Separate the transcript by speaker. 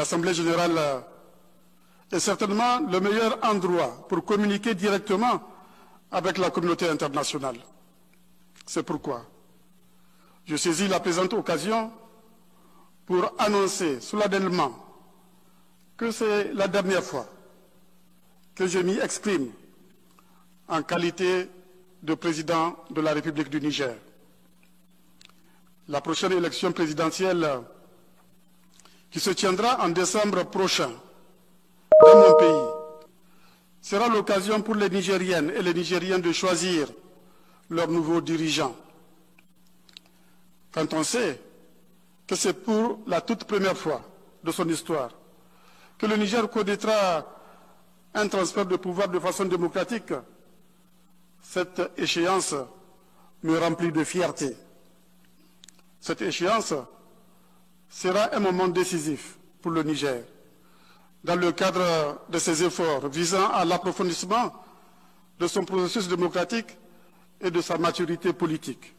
Speaker 1: l'Assemblée générale est certainement le meilleur endroit pour communiquer directement avec la communauté internationale. C'est pourquoi je saisis la présente occasion pour annoncer solennellement que c'est la dernière fois que je m'y exprime en qualité de président de la République du Niger. La prochaine élection présidentielle qui se tiendra en décembre prochain dans mon pays sera l'occasion pour les Nigériennes et les Nigériens de choisir leur nouveau dirigeant. Quand on sait que c'est pour la toute première fois de son histoire que le Niger connaîtra un transfert de pouvoir de façon démocratique, cette échéance me remplit de fierté. Cette échéance sera un moment décisif pour le Niger. Dans le cadre de ses efforts visant à l'approfondissement de son processus démocratique et de sa maturité politique.